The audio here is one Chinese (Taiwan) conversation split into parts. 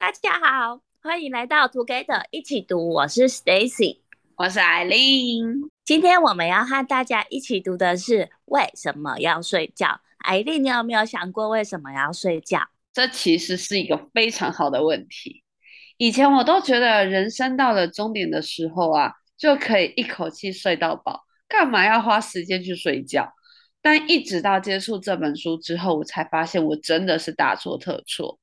大家好，歡迎來到 Together 一起讀，我是 Stacy，我是 Aileen。今天我們要和大家一起讀的是為什麼要睡覺。Aileen，你有沒有想過為什麼要睡覺？這其實是一個非常好的問題。以前我都覺得人生到了終點的時候啊，就可以一口氣睡到飽，幹嘛要花時間去睡覺？但一直到接觸這本書之後，我才發現我真的是大錯特錯。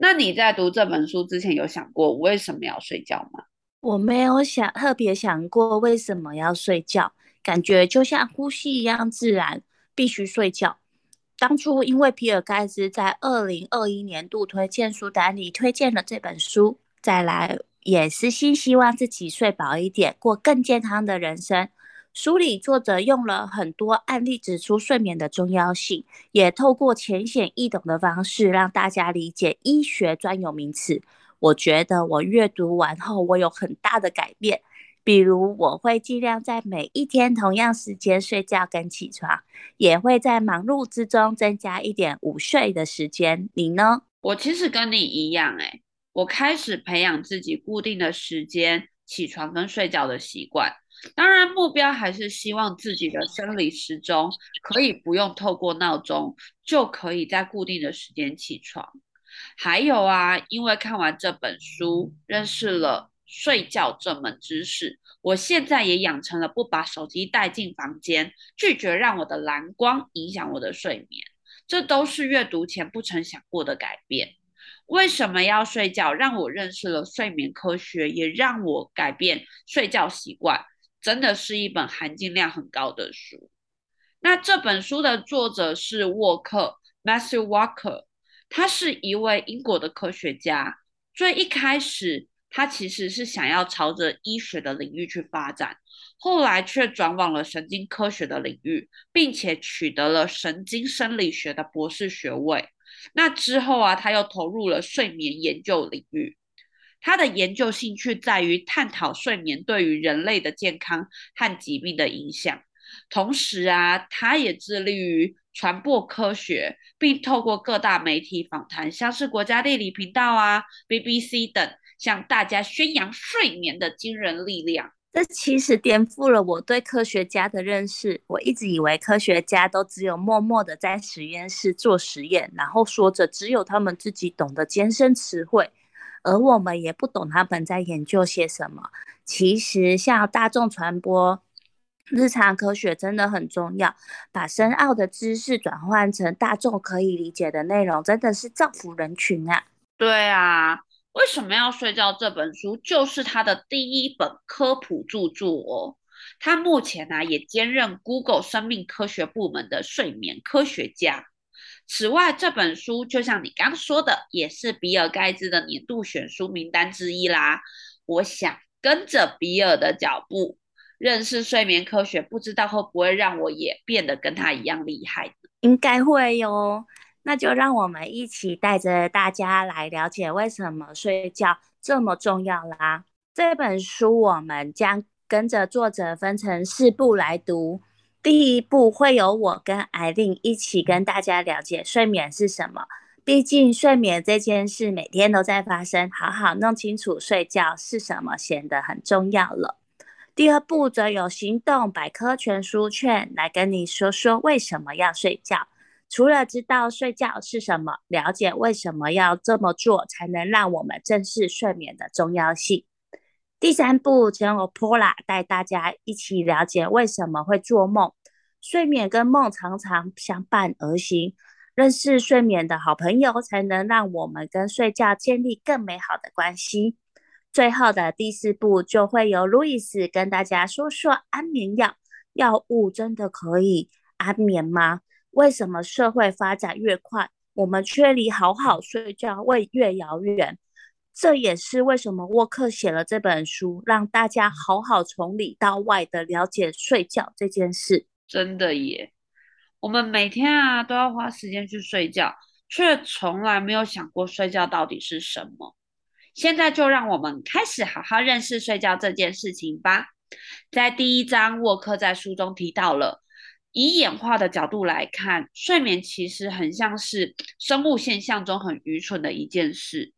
那你在讀這本書之前有想過為什麼要睡覺嗎？我沒有想特別想過為什麼要睡覺，感覺就像呼吸一樣自然，必須睡覺。當初因為比爾蓋茨在二零二一年度推薦書單裡推薦了這本書，再來也是私心希望自己睡飽一點，過更健康的人生。書裡作者用了很多案例指出睡眠的重要性，也透過淺顯易懂的方式讓大家理解醫學專有名詞。我覺得我閱讀完後，我有很大的改變，比如我會儘量在每一天同樣時間睡覺跟起床，也會在忙碌之中增加一點午睡的時間。你呢？我其實跟你一樣，欸，哎，我開始培養自己固定的時間起床跟睡覺的習慣。當然，目標還是希望自己的生理時鐘可以不用透過鬧鐘就可以在固定的時間起床。還有啊，因為看完這本書，認識了睡覺這門知識，我現在也養成了不把手機帶進房間，拒絕讓我的藍光影響我的睡眠。這都是閱讀前不曾想過的改變。為什麼要睡覺？讓我認識了睡眠科學，也讓我改變睡覺習慣。真的是一本含金量很高的書。那這本書的作者是沃克，Matthew Walker，他是一位英國的科學家。最一開始，他其實是想要朝着醫學的領域去發展，後來卻轉往了神經科學的領域，並且取得了神經生理學的博士學位。那之後啊，他又投入了睡眠研究領域。他的研究興趣在於探討睡眠對於人類的健康和疾病的影響，同時啊，他也致力於傳播科學，並透過各大媒體訪談，像是國家地理頻道啊、BBC 等，向大家宣揚睡眠的驚人力量。這其實顛覆了我對科學家的認識。我一直以為科學家都只有默默的在實驗室做實驗，然後說着只有他們自己懂得艱深詞彙。而我們也不懂他們在研究些什麼。其實，像大眾傳播、日常科學真的很重要，把深奧的知識轉換成大眾可以理解的內容，真的是造福人群啊！對啊，為什麼要睡覺這本書就是他的第一本科普著作哦。他目前呢，啊，也兼任 Google 生命科學部門的睡眠科學家。此外，這本書就像你剛說的，也是比爾·蓋茨的年度選書名單之一啦。我想跟着比爾的腳步，認識睡眠科學，不知道會不會讓我也變得跟他一樣厲害？應該會喲。那就讓我們一起帶着大家來了解為什麼睡覺這麼重要啦。這本書我們將跟着作者分成四部來讀。第一部會由我跟艾琳一起跟大家了解睡眠是什麼，畢竟睡眠這件事每天都在發生，好好弄清楚睡覺是什麼顯得很重要了。第二部則有行動百科全書券來跟你說說為什麼要睡覺，除了知道睡覺是什麼，了解為什麼要這麼做，才能讓我們正視睡眠的重要性。第三部前由 Paula 帶大家一起了解為什麼會做夢，睡眠跟夢常常相伴而行，認識睡眠的好朋友，才能讓我們跟睡覺建立更美好的關係。最後的第四部就會由 Lewis 跟大家說說安眠藥。藥物真的可以安眠嗎？為什麼社會發展越快，我們卻離好好睡覺會越遙遠？這也是為什麼沃克寫了這本書，讓大家好好從裡到外的了解睡覺這件事。真的耶，我們每天啊都要花時間去睡覺，卻從來沒有想過睡覺到底是什麼。現在就讓我們開始好好認識睡覺這件事情吧。在第一章，沃克在書中提到了，以演化的角度來看，睡眠其實很像是生物現象中很愚蠢的一件事。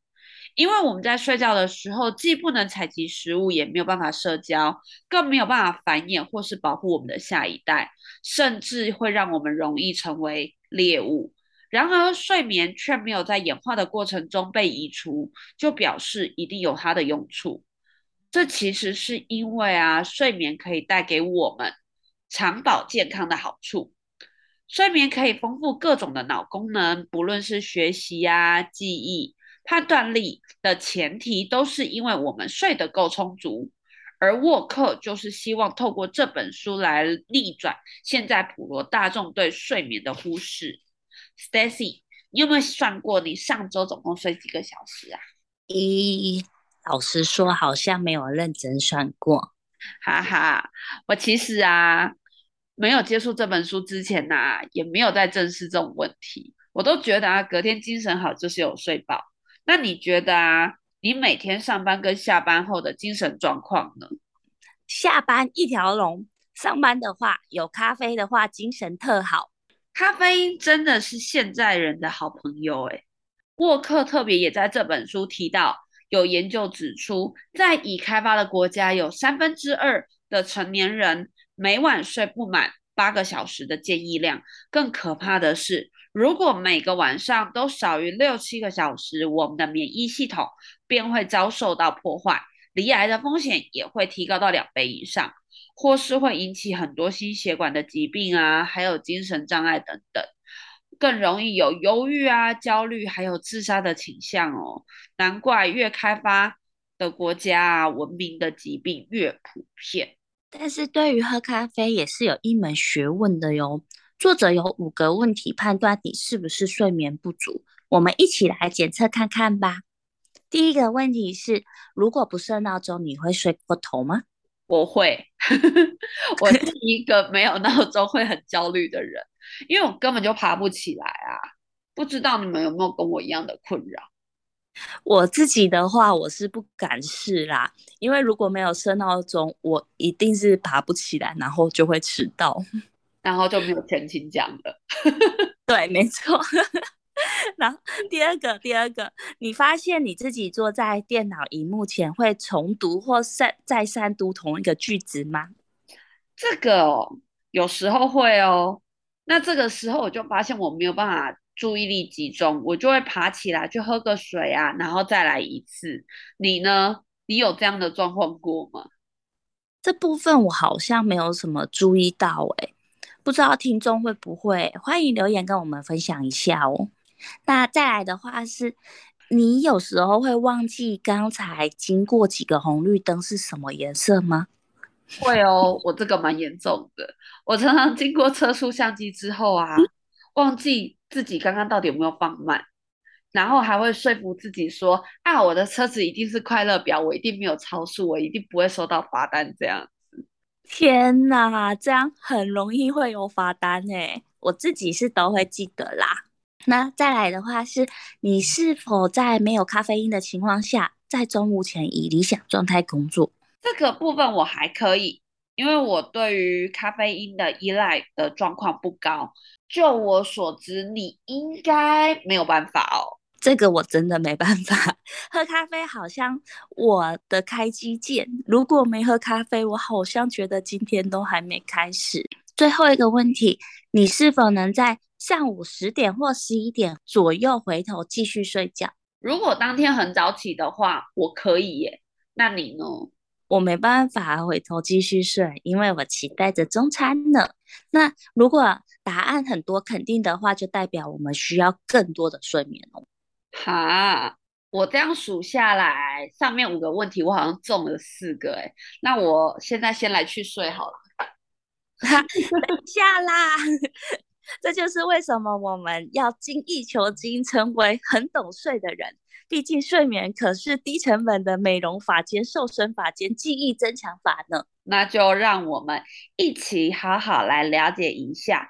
因為我們在睡覺的時候，既不能採集食物，也沒有辦法社交，更沒有辦法繁衍或是保護我們的下一代，甚至會讓我們容易成為獵物。然而，睡眠卻沒有在演化的過程中被移除，就表示一定有它的用處。這其實是因為啊，睡眠可以帶給我們長保健康的好處，睡眠可以豐富各種的腦功能，不論是學習啊、記憶。判斷力的前提都是因為我們睡得夠充足，而沃克就是希望透過這本書來逆轉現在普羅大眾對睡眠的忽視。Stacy，你有沒有算過你上周總共睡幾個小時啊？咦、嗯，老實說好像沒有認真算過。哈哈，我其實啊，沒有接觸這本書之前呢、啊，也沒有在正視這種問題。我都覺得啊，隔天精神好就是有睡飽。那你覺得啊，你每天上班跟下班後的精神狀況呢？下班一條龍，上班的話有咖啡的話，精神特好。咖啡因真的是現在人的好朋友哎。沃克特別也在這本書提到，有研究指出，在已開發的國家，有三分之二的成年人每晚睡不滿八個小時的建議量。更可怕的是，如果每個晚上都少於六七個小時，我們的免疫系統便會遭受到破壞，罹癌的風險也會提高到兩倍以上，或是會引起很多心血管的疾病啊，還有精神障礙等等，更容易有憂鬱啊、焦慮，還有自殺的傾向哦。難怪越開發的國家啊，文明的疾病越普遍。但是對於喝咖啡也是有一門學問的喲。作者有五個問題判斷你是不是睡眠不足，我們一起來檢測看看吧。第一個問題是，如果不設鬧鐘，你會睡過頭嗎？我會呵呵，我是一個沒有鬧鐘會很焦慮的人， 因為我根本就爬不起來啊。不知道你們有沒有跟我一樣的困擾？我自己的話，我是不敢試啦，因為如果沒有設鬧鐘，我一定是爬不起來，然後就會遲到。然後就沒有前情講了， 對，沒錯。 然後第二個，第二個，你發現你自己坐在電腦屏幕前會重讀或再再三讀同一個句子嗎？這個哦，有時候會哦。那這個時候我就發現我沒有辦法注意力集中，我就會爬起來去喝個水啊，然後再來一次。你呢？你有這樣的狀況過嗎？這部分我好像沒有什麼注意到誒、欸。不知道聽眾會不會，歡迎留言跟我們分享一下哦。那再來的話是，你有時候會忘記剛才經過幾個紅綠燈是什麼顏色嗎？會哦，我這個蠻嚴重的。我常常經過測速相機之後啊、嗯，忘記自己剛剛到底有沒有放慢，然後還會說服自己說，啊，我的車子一定是快樂表，我一定沒有超速，我一定不會收到罰單這樣。天吶，這樣很容易會有罰單，誒，我自己是都會記得啦。那再來的話是，你是否在沒有咖啡因的情況下，在中午前以理想狀態工作？這個部分我還可以，因為我對於咖啡因的依賴的狀況不高。就我所知，你應該沒有辦法哦。這個我真的沒辦法。喝咖啡好像我的開機鍵，如果沒喝咖啡，我好像覺得今天都還沒開始。最後一個問題，你是否能在上午十點或十一點左右回頭繼續睡覺？如果當天很早起的話，我可以耶、欸。那你呢？我沒辦法回頭繼續睡，因為我期待着中餐呢。那如果答案很多肯定的話，就代表我們需要更多的睡眠哦。好，我這樣數下來，上面五個問題我好像中了四個哎，那我現在先來去睡好了。哈， 等一下啦， 這就是為什麼我們要精益求精，成為很懂睡的人。畢竟睡眠可是低成本的美容法兼瘦身法兼記憶增強法呢。那就讓我們一起好好來了解一下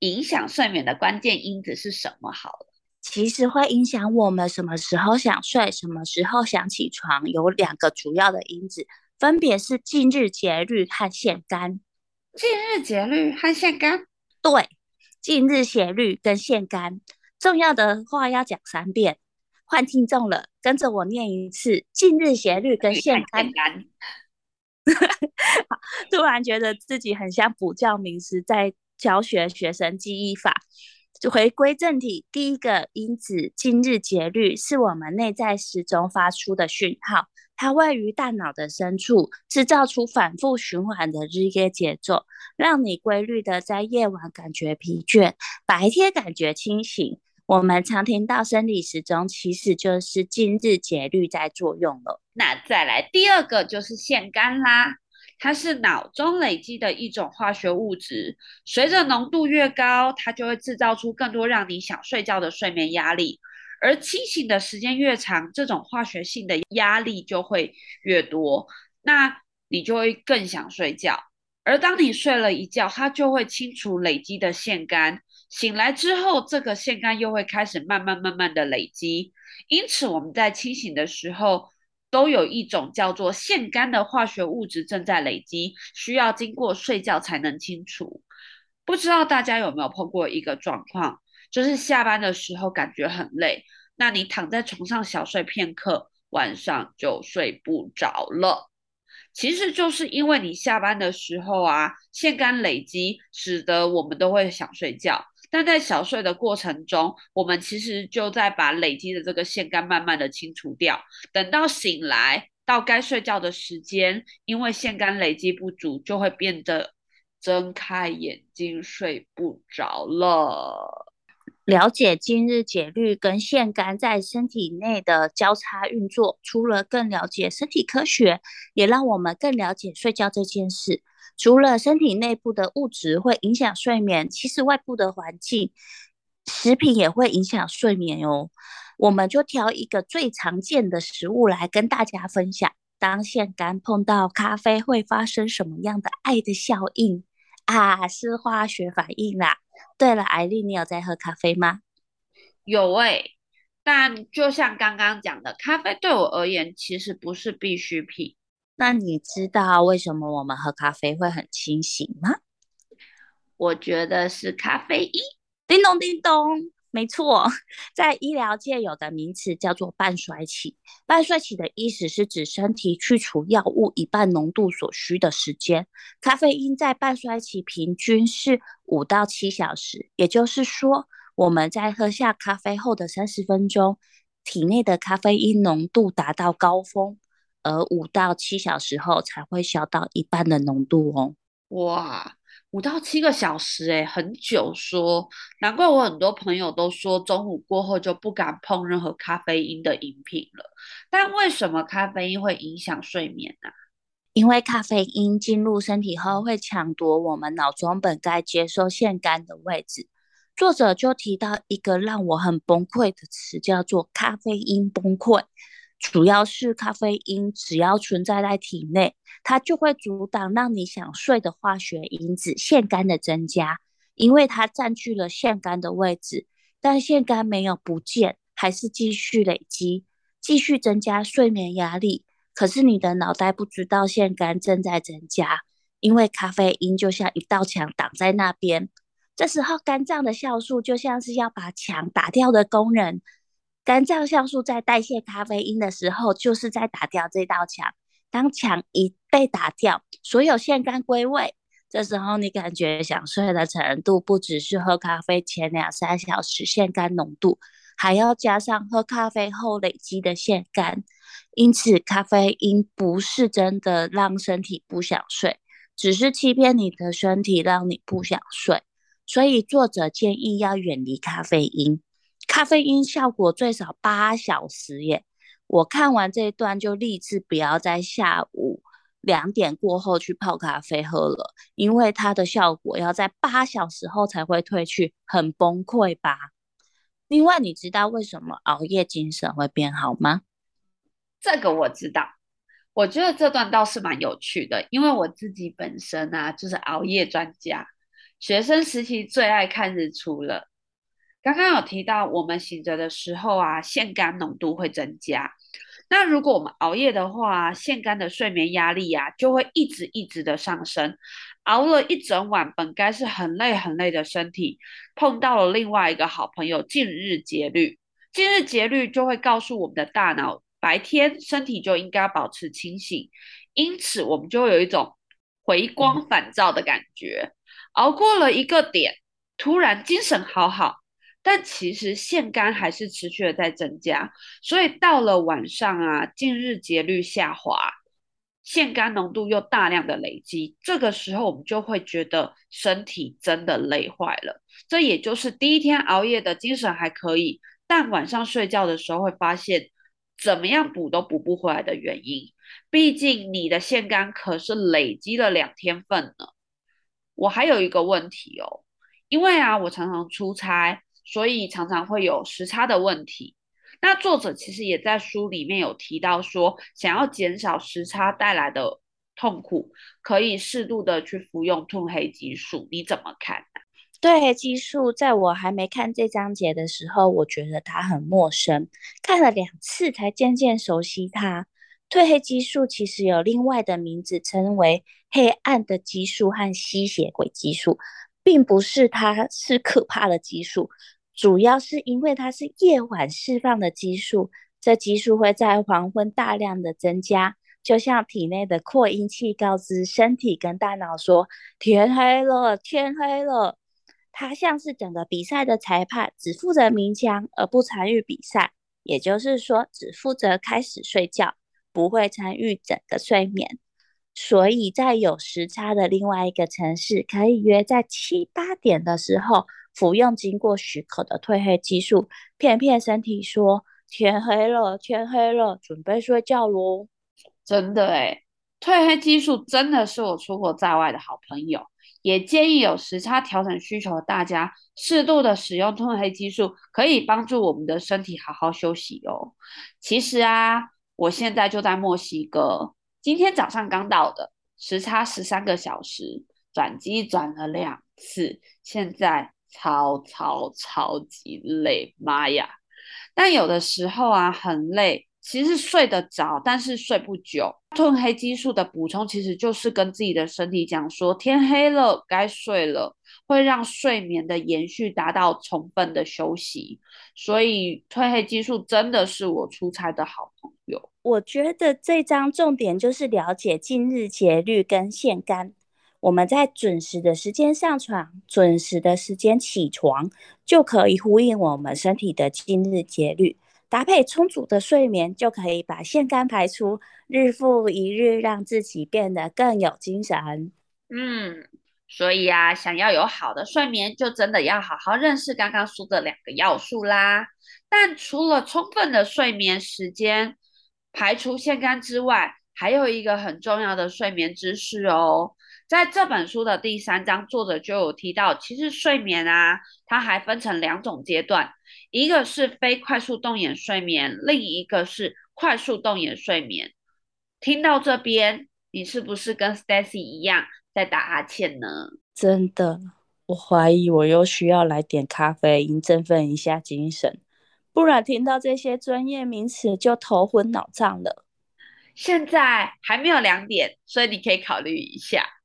影響睡眠的關鍵因子是什麼好了。其實會影響我們什麼時候想睡，什麼時候想起床，有兩個主要的因子，分別是近日節律和腺苷。近日節律和腺苷？對，近日節律跟腺苷。重要的話要講三遍，換聽眾了，跟着我念一次：近日節律跟腺苷。幹 突然覺得自己很像補教名師在教學學生記憶法。回歸正題，第一個因子，近日節律，是我們內在時鐘發出的訊號，它位於大腦的深處，制造出反覆循環的日夜節奏，讓你規律的在夜晚感覺疲倦，白天感覺清醒。我們常聽到生理時鐘，其實就是近日節律在作用了。那再來第二個就是腺苷啦。它是腦中累積的一種化學物質，隨着濃度越高，它就會製造出更多讓你想睡覺的睡眠壓力。而清醒的時間越長，這種化學性的壓力就會越多，那你就會更想睡覺。而當你睡了一覺，它就會清除累積的腺苷，醒來之後，這個腺苷又會開始慢慢慢慢的累積。因此，我們在清醒的時候，都有一種叫做腺苷的化學物質正在累積，需要經過睡覺才能清除。不知道大家有沒有碰過一個狀況，就是下班的時候感覺很累，那你躺在床上小睡片刻，晚上就睡不着了。其實就是因為你下班的時候啊，腺苷累積使得我們都會想睡覺。但在小睡的過程中，我們其實就在把累積的這個腺苷慢慢的清除掉。等到醒來，到該睡覺的時間，因為腺苷累積不足，就會變得睜開眼睛睡不着了。了解近日節律跟腺苷在身體內的交叉運作，除了更了解身體科學，也讓我們更了解睡覺這件事。除了身體內部的物質會影響睡眠，其實外部的環境、食品也會影響睡眠哦。我們就挑一個最常見的食物來跟大家分享：當腺苷碰到咖啡會發生什麼樣的“愛”的效應啊？是化學反應啦、啊。對了，艾莉，你有在喝咖啡嗎？有哎、欸，但就像剛剛講的，咖啡對我而言其實不是必需品。那你知道為什麼我們喝咖啡會很清醒嗎？我覺得是咖啡因。叮咚叮咚，沒錯，在醫療界有個名詞叫做半衰期。半衰期的意思是指身體去除藥物一半濃度所需的時間。咖啡因在半衰期平均是五到七小時，也就是說，我們在喝下咖啡後的三十分鐘，體內的咖啡因濃度達到高峰。而五到七小時後才會消到一半的濃度哦。哇，五到七個小時、欸、很久說，難怪我很多朋友都說中午過後就不敢碰任何咖啡因的飲品了。但為什麼咖啡因會影響睡眠呢、啊？因為咖啡因進入身體後會搶奪我們腦中本該接收腺苷的位置。作者就提到一個讓我很崩潰的詞，叫做“咖啡因崩潰”。主要是咖啡因，只要存在在體內，它就會阻擋讓你想睡的化學因子腺苷的增加，因為它佔據了腺苷的位置，但腺苷沒有不見，還是繼續累積，繼續增加睡眠壓力。可是你的腦袋不知道腺苷正在增加，因為咖啡因就像一道牆擋在那邊。這時候肝臟的酵素就像是要把牆打掉的工人。肝臟酵素在代謝咖啡因的時候，就是在打掉這道牆。當牆一被打掉，所有腺苷歸位。這時候你感覺想睡的程度，不只是喝咖啡前兩三小時腺苷濃度，還要加上喝咖啡後累積的腺苷。因此，咖啡因不是真的讓身體不想睡，只是欺騙你的身體，讓你不想睡。所以，作者建議要遠離咖啡因。咖啡因效果最少八小時耶！我看完這一段就立志不要在下午兩點過後去泡咖啡喝了，因為它的效果要在八小時後才會退去，很崩潰吧？另外，你知道為什麼熬夜精神會變好嗎？這個我知道，我覺得這段倒是蠻有趣的，因為我自己本身啊，就是熬夜專家，學生時期最愛看日出了。剛剛有提到，我們醒着的時候啊，腺苷濃度會增加。那如果我們熬夜的話，腺苷的睡眠壓力啊，就會一直一直的上升。熬了一整晚，本該是很累很累的身體，碰到了另外一個好朋友——近日節律。近日節律就會告訴我們的大腦，白天身體就應該保持清醒，因此我們就有一種回光返照的感覺。嗯、熬過了一個點，突然精神好好。但其實腺苷還是持續的在增加，所以到了晚上啊，近日節律下滑，腺苷濃度又大量的累積，這個時候我們就會覺得身體真的累壞了。這也就是第一天熬夜的精神還可以，但晚上睡覺的時候會發現怎麼樣補都補不回來的原因。畢竟你的腺苷可是累積了兩天份呢。我還有一個問題哦，因為啊，我常常出差。所以常常會有時差的問題。那作者其實也在書裡面有提到說，說想要減少時差帶來的痛苦，可以適度的去服用褪黑激素。你怎麼看呢、啊？褪黑激素在我還沒看這章節的時候，我覺得它很陌生，看了兩次才漸漸熟悉它。褪黑激素其實有另外的名字，稱為黑暗的激素和吸血鬼激素，並不是它是可怕的激素。主要是因為它是夜晚釋放的激素，這激素會在黃昏大量的增加，就像體內的擴音器告知身體跟大腦說天黑了，天黑了。它像是整個比賽的裁判，只負責鳴槍而不參與比賽，也就是說只負責開始睡覺，不會參與整個睡眠。所以在有時差的另外一個城市，可以約在七八點的時候。服用經過許可的褪黑激素，騙騙身體說天黑了，天黑了，準備睡覺嘍。真的哎，褪黑激素真的是我出國在外的好朋友。也建議有時差調整需求的大家，適度的使用褪黑激素，可以幫助我們的身體好好休息哦。其實啊，我現在就在墨西哥，今天早上剛到的，時差十三個小時，轉機轉了兩次，現在。超超超級累，媽呀！但有的時候啊，很累，其實睡得着，但是睡不久。褪黑激素的補充其實就是跟自己的身體講說，天黑了，該睡了，會讓睡眠的延續達到充分的休息。所以褪黑激素真的是我出差的好朋友。我覺得這章重點就是了解近日節律跟腺苷。我們在準時的時間上床，準時的時間起床，就可以呼應我們身體的近日節律，搭配充足的睡眠，就可以把腺苷排出，日復一日，讓自己變得更有精神。嗯，所以啊，想要有好的睡眠，就真的要好好認識剛剛說的兩個要素啦。但除了充分的睡眠時間，排除腺苷之外，還有一個很重要的睡眠知識哦。在這本書的第三章，作者就有提到，其實睡眠啊，它還分成兩種階段，一個是非快速動眼睡眠，另一個是快速動眼睡眠。聽到這邊，你是不是跟 Stacy 一樣在打哈欠呢？真的，我懷疑我又需要來點咖啡因振奮一下精神，不然聽到這些專業名詞就頭昏腦脹了。現在還沒有兩點，所以你可以考慮一下。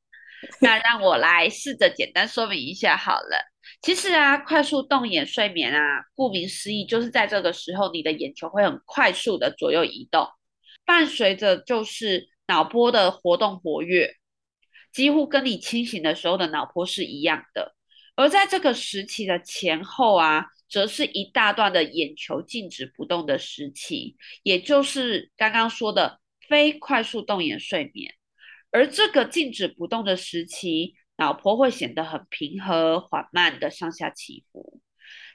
那讓我來試着簡單說明一下好了。其實啊，快速動眼睡眠啊，顧名思義，就是在這個時候，你的眼球會很快速地左右移動，伴隨着就是腦波的活動活躍，幾乎跟你清醒的時候的腦波是一樣的。而在這個時期的前後啊，則是一大段的眼球靜止不動的時期，也就是剛剛說的非快速動眼睡眠。而這個靜止不動的時期，腦波會顯得很平和、緩慢的上下起伏。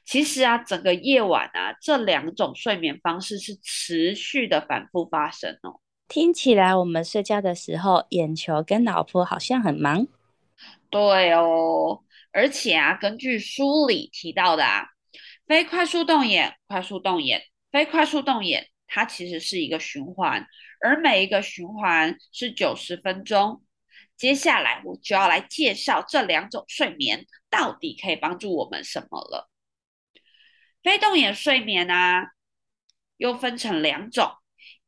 其實啊，整個夜晚啊，這兩種睡眠方式是持續的反复發生哦。聽起來我們睡覺的時候，眼球跟腦波好像很忙。對哦，而且啊，根據書裡提到的啊，非快速動眼、快速動眼、非快速動眼，它其實是一個循環。而每一個循環是九十分鐘，接下來我就要來介紹這兩種睡眠到底可以幫助我們什麼了。非動眼睡眠啊，又分成兩種，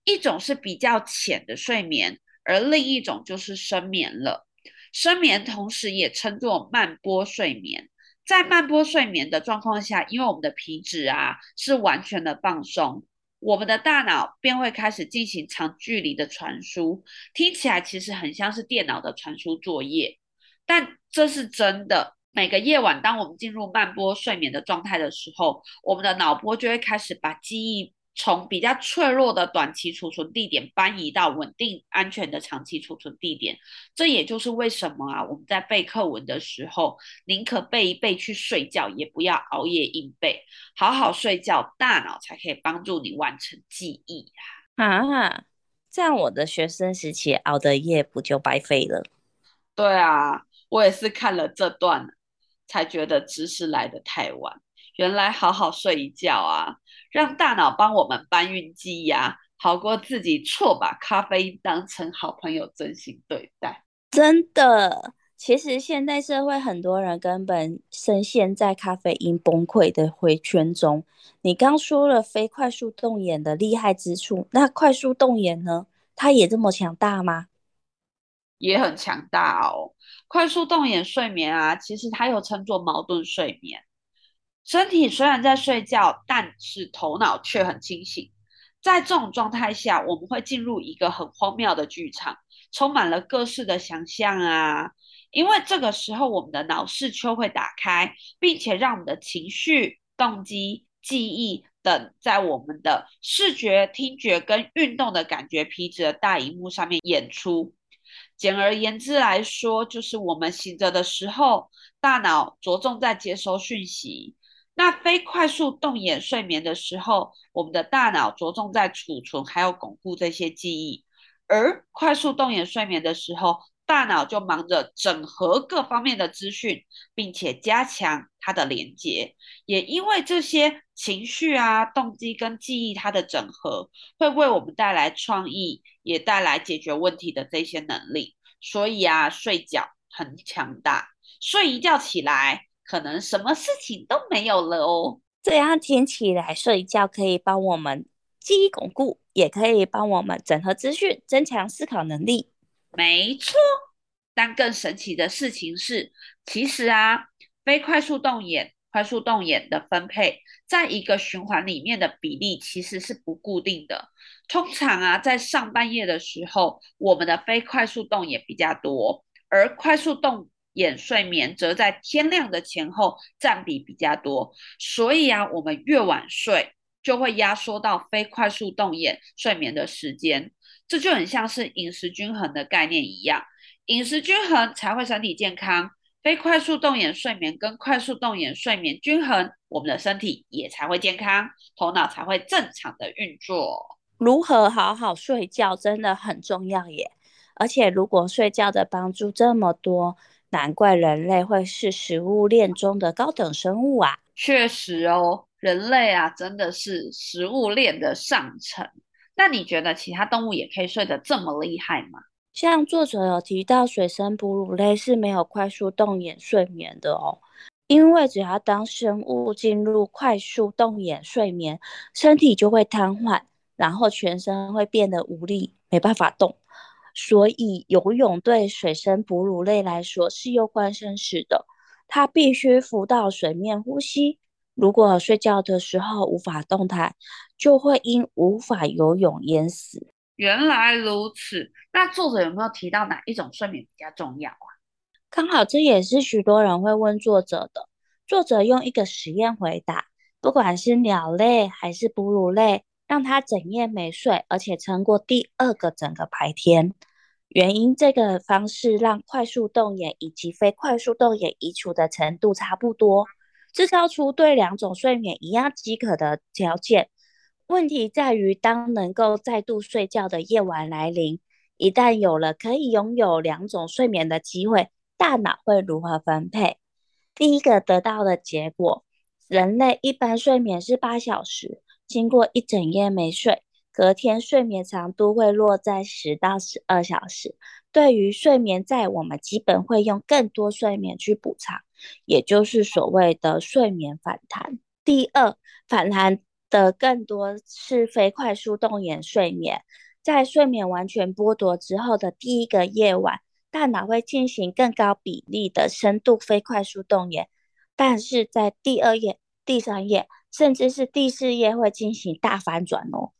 一種是比較淺的睡眠，而另一種就是深眠了。深眠同時也稱作慢波睡眠，在慢波睡眠的狀況下，因為我們的皮質啊是完全的放鬆。我們的大腦便會開始進行長距離的傳輸，聽起來其實很像是電腦的傳輸作業。但這是真的，每個夜晚，當我們進入慢波睡眠的狀態的時候，我們的腦波就會開始把記憶從比較脆弱的短期儲存地點搬移到穩定安全的長期儲存地點，這也就是為什麼啊，我們在背課文的時候，寧可背一背去睡覺，也不要熬夜硬背。好好睡覺，大腦才可以幫助你完成記憶呀！啊，這樣我的學生時期熬的夜不就白費了？對啊，我也是看了這段才覺得知識來得太晚，原來好好睡一覺啊！讓大腦幫我們搬運記憶呀、啊，好過自己錯把咖啡因當成好朋友真心對待。真的，其實現代社會很多人根本深陷在咖啡因崩潰的回圈中。你剛說了非快速動眼的厲害之處，那快速動眼呢？它也這麼強大嗎？也很強大哦。快速動眼睡眠啊，其實它又稱作矛盾睡眠。身體雖然在睡覺，但是頭腦卻很清醒。在這種狀態下，我們會進入一個很荒謬的劇場，充滿了各式的想象啊。因為這個時候，我們的腦視丘會打開，並且讓我們的情緒、動機、記憶等，在我們的視覺、聽覺跟運動的感覺皮質的大螢幕上面演出。簡而言之來說，就是我們醒着的時候，大腦着重在接收訊息。那非快速動眼睡眠的時候，我們的大腦着重在儲存還有鞏固這些記憶；而快速動眼睡眠的時候，大腦就忙着整合各方面的資訊，並且加強它的連接。也因為這些情緒啊、動機跟記憶它的整合，會為我們帶來創意，也帶來解決問題的這些能力。所以啊，睡覺很強大，睡一覺起來。可能什麼事情都沒有了哦。這樣聽起來，睡覺可以幫我們記憶鞏固，也可以幫我們整合資訊，增強思考能力。沒錯。但更神奇的事情是，其實啊，非快速動眼、快速動眼的分配，在一個循環裡面的比例其實是不固定的。通常啊，在上半夜的時候，我們的非快速動眼比較多，而快速動。眼睡眠則在天亮的前後佔比比較多，所以啊，我們越晚睡就會壓縮到非快速動眼睡眠的時間，這就很像是飲食均衡的概念一樣，飲食均衡才會身體健康。非快速動眼睡眠跟快速動眼睡眠均衡，我們的身體也才會健康，頭腦才會正常的運作。如何好好睡覺真的很重要耶！而且如果睡覺的幫助這麼多，難怪人類會是食物鏈中的高等生物啊！確實哦，人類啊，真的是食物鏈的上層。那你覺得其他動物也可以睡得這麼厲害嗎？像作者有提到，水生哺乳類是沒有快速動眼睡眠的哦，因為只要當生物進入快速動眼睡眠，身體就會癱瘓，然後全身會變得無力，沒辦法動。所以游泳對水生哺乳類來說是攸關生死的，它必須浮到水面呼吸。如果睡覺的時候無法動彈，就會因無法游泳淹死。原來如此，那作者有沒有提到哪一種睡眠比較重要啊？剛好這也是許多人會問作者的。作者用一個實驗回答：不管是鳥類還是哺乳類，讓它整夜沒睡，而且撐過第二個整個白天。原因，這個方式讓快速動眼以及非快速動眼移除的程度差不多，製造出對兩種睡眠一樣飢渴的條件。問題在於，當能夠再度睡覺的夜晚來臨，一旦有了可以擁有兩種睡眠的機會，大腦會如何分配？第一個得到的結果，人類一般睡眠是八小時，經過一整夜沒睡。隔天睡眠長度會落在十到十二小時。對於睡眠債，我們基本會用更多睡眠去補償，也就是所謂的睡眠反彈。第二，反彈的更多是非快速動眼睡眠，在睡眠完全剝奪之後的第一個夜晚，大腦會進行更高比例的深度非快速動眼，但是在第二夜、第三夜，甚至是第四夜會進行大反轉哦。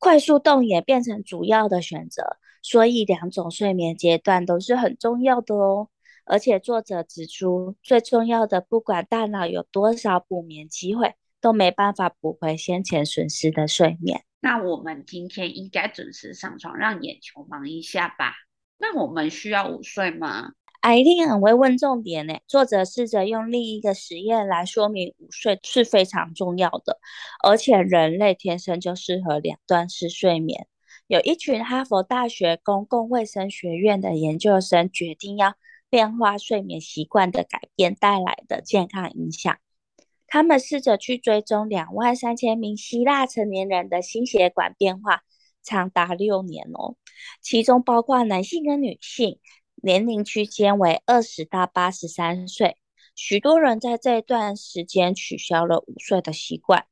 快速動眼變成主要的選擇，所以兩種睡眠階段都是很重要的哦。而且作者指出，最重要的，不管大腦有多少補眠機會，都沒辦法補回先前損失的睡眠。那我們今天應該準時上床，讓眼球忙一下吧？那我們需要午睡嗎？哎，一定很會問重點。作者試着用另一個實驗來說明午睡是非常重要的，而且人類天生就適合兩段式睡眠。有一群哈佛大學公共衛生學院的研究生決定要變化睡眠習慣的改變帶來的健康影響。他們試着去追蹤兩萬三千名希臘成年人的心血管變化，長達六年哦，其中包括男性跟女性。年齡區間為二十到八十三歲，許多人在這段時間取消了午睡的習慣。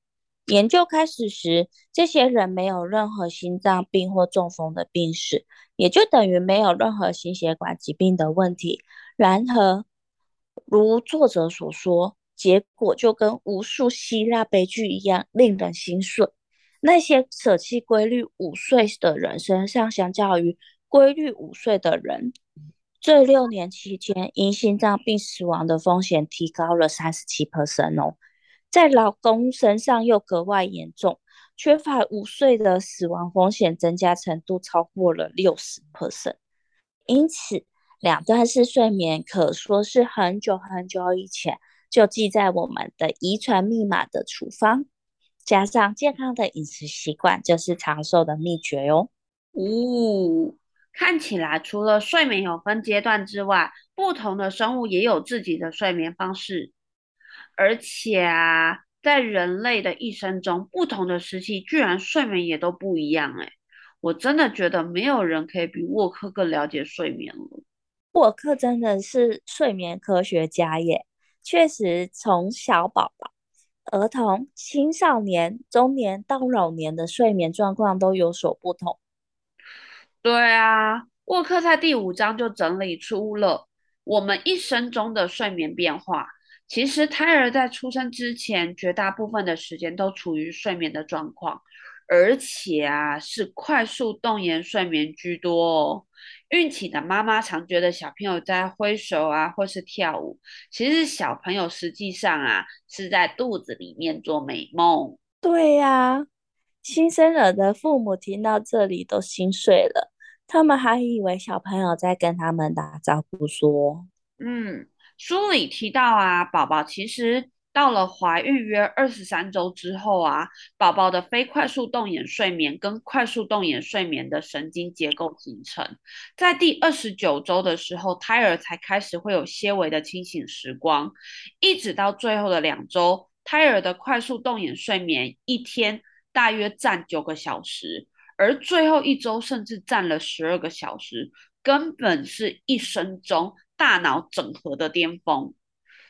研究開始時，這些人沒有任何心臟病或中風的病史，也就等於沒有任何心血管疾病的問題。然而，如作者所說，結果就跟無數希臘悲劇一樣，令人心碎。那些捨棄規律午睡的人身上，相較於規律午睡的人。這六年期間，因心臟病死亡的風險提高了三十七 percent 哦，在老公身上又格外嚴重，缺乏午睡的死亡風險增加程度超過了六十 percent，因此，兩段式睡眠可說是很久很久以前就記在我們的遺傳密碼的處方，加上健康的飲食習慣，就是長壽的祕訣喲、哦。哦。看起來，除了睡眠有分階段之外，不同的生物也有自己的睡眠方式。而且啊，在人類的一生中，不同的時期居然睡眠也都不一樣欸。哎，我真的覺得沒有人可以比沃克更了解睡眠了。沃克真的是睡眠科學家耶！確實，從小寶寶、兒童、青少年、中年到老年的睡眠狀況都有所不同。對啊，沃克在第五章就整理出了我們一生中的睡眠變化。其實胎兒在出生之前，絕大部分的時間都處於睡眠的狀況，而且啊是快速動眼睡眠居多哦。孕期的媽媽常覺得小朋友在揮手啊，或是跳舞，其實小朋友實際上啊是在肚子裡面做美夢。對呀，啊，新生兒的父母聽到這裡都心碎了。他們還以為小朋友在跟他們打招呼，說：“嗯，書裡提到啊，寶寶其實到了懷孕約二十三周之後啊，寶寶的非快速動眼睡眠跟快速動眼睡眠的神經結構形成，在第二十九周的時候，胎兒才開始會有些微的清醒時光，一直到最後的兩周，胎兒的快速動眼睡眠一天大約佔九個小時。”而最後一周甚至佔了十二個小時，根本是一生中大腦整合的巔峰。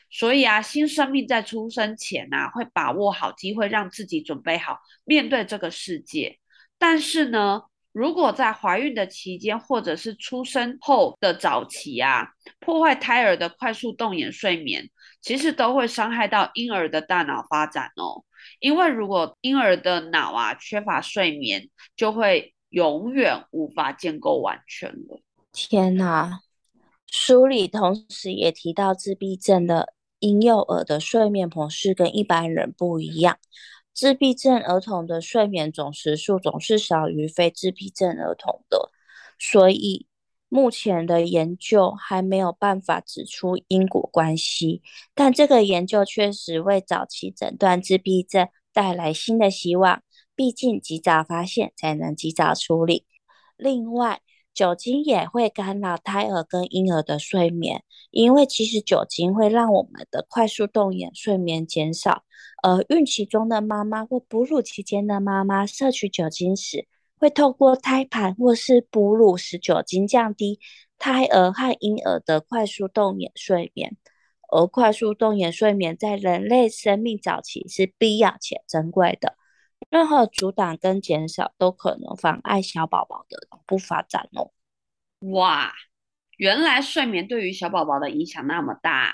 所以啊，新生命在出生前啊，會把握好機會，讓自己準備好面對這個世界。但是呢，如果在懷孕的期間或者是出生後的早期啊，破壞胎兒的快速動眼睡眠，其實都會傷害到嬰兒的大腦發展哦。因為如果嬰兒的腦啊，缺乏睡眠，就會永遠無法建構完全了。天哪！書裡同時也提到，自閉症的嬰幼兒的睡眠模式跟一般人不一樣。自閉症兒童的睡眠總時數總是少於非自閉症兒童的，所以。目前的研究還沒有辦法指出因果關係，但這個研究確實為早期診斷自閉症帶來新的希望。畢竟，及早發現才能及早處理。另外，酒精也會干擾胎兒跟嬰兒的睡眠，因為其實酒精會讓我們的快速動眼睡眠減少。而孕期中的媽媽或哺乳期間的媽媽攝取酒精時，會透過胎盤或是哺乳時，酒精降低胎兒和嬰兒的快速動眼睡眠，而快速動眼睡眠在人類生命早期是必要且珍貴的，任何阻擋跟減少都可能妨礙小寶寶的腦部發展哦。哇，原來睡眠對於小寶寶的影響那麼大啊。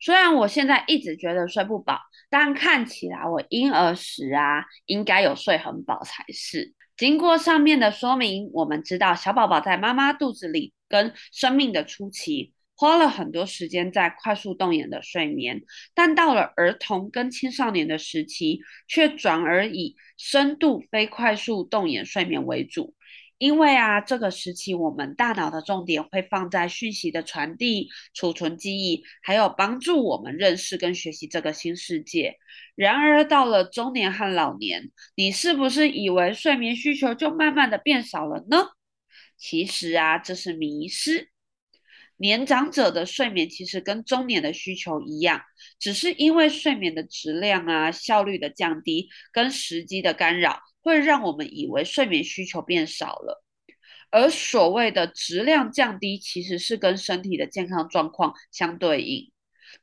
雖然我現在一直覺得睡不飽，但看起來我嬰兒時啊應該有睡很飽才是。經過上面的說明，我們知道小寶寶在媽媽肚子裡跟生命的初期花了很多時間在快速動眼的睡眠，但到了兒童跟青少年的時期，卻轉而以深度非快速動眼睡眠為主。因為啊，這個時期我們大腦的重點會放在訊息的傳遞、儲存記憶，還有幫助我們認識跟學習這個新世界。然而到了中年和老年，你是不是以為睡眠需求就慢慢的變少了呢？其實啊，這是迷思。年長者的睡眠其實跟中年的需求一樣，只是因為睡眠的質量啊、效率的降低跟時機的干擾。會讓我們以為睡眠需求變少了，而所謂的質量降低，其實是跟身體的健康狀況相對應。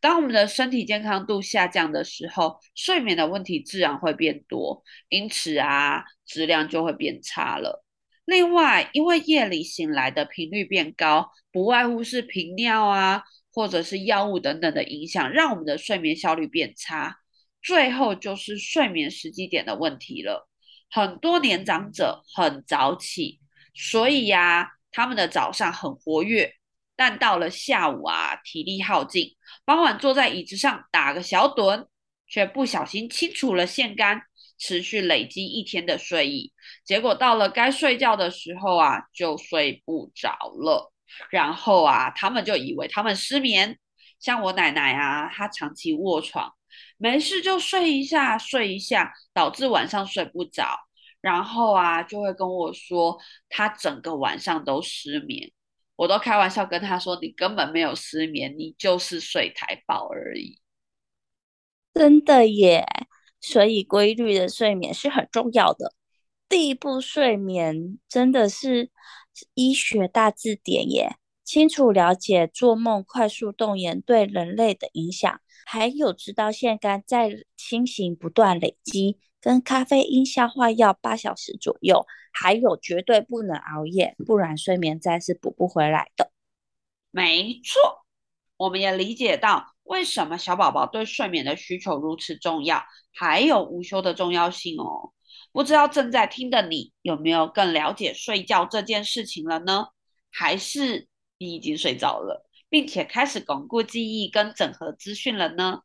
當我們的身體健康度下降的時候，睡眠的問題自然會變多，因此啊，質量就會變差了。另外，因為夜裡醒來的頻率變高，不外乎是頻尿啊，或者是藥物等等的影響，讓我們的睡眠效率變差。最後就是睡眠時機點的問題了。很多年長者很早起，所以呀，他們的早上很活躍，但到了下午啊，體力耗盡，傍晚坐在椅子上打個小盹，卻不小心清除了腺苷，持續累積一天的睡意，結果到了該睡覺的時候啊，就睡不着了。然後啊，他們就以為他們失眠，像我奶奶啊，她長期臥床。沒事就睡一下，睡一下，導致晚上睡不着，然後啊，就會跟我說他整個晚上都失眠。我都開玩笑跟他說：“你根本沒有失眠，你就是睡太飽而已。”真的耶，所以規律的睡眠是很重要的。第一部睡眠真的是醫學大字典耶。清楚了解做夢、快速動眼對人類的影響，還有知道腺苷在清醒不斷累積，跟咖啡因消化要八小時左右，還有絕對不能熬夜，不然睡眠債是補不回來的。沒錯，我們也理解到為什麼小寶寶對睡眠的需求如此重要，還有午休的重要性哦。不知道正在聽的你有沒有更了解睡覺這件事情了呢？還是？你已經睡着了，並且開始鞏固記憶跟整合資訊了呢。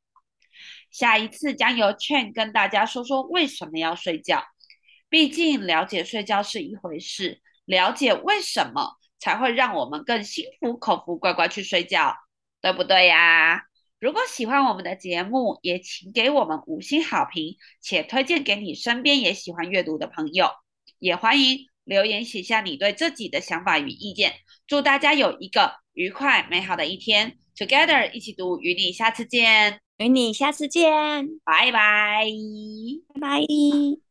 下一次將由 Chen 跟大家說說為什麼要睡覺，畢竟了解睡覺是一回事，了解為什麼才會讓我們更心服口服，乖乖去睡覺，對不對呀、啊？如果喜歡我們的節目，也請給我們五星好評，且推薦給你身邊也喜歡閱讀的朋友，也歡迎。留言寫下你對自己的想法與意見。祝大家有一個愉快美好的一天！Together 一起讀，與你下次見。與你下次見，拜拜。拜拜。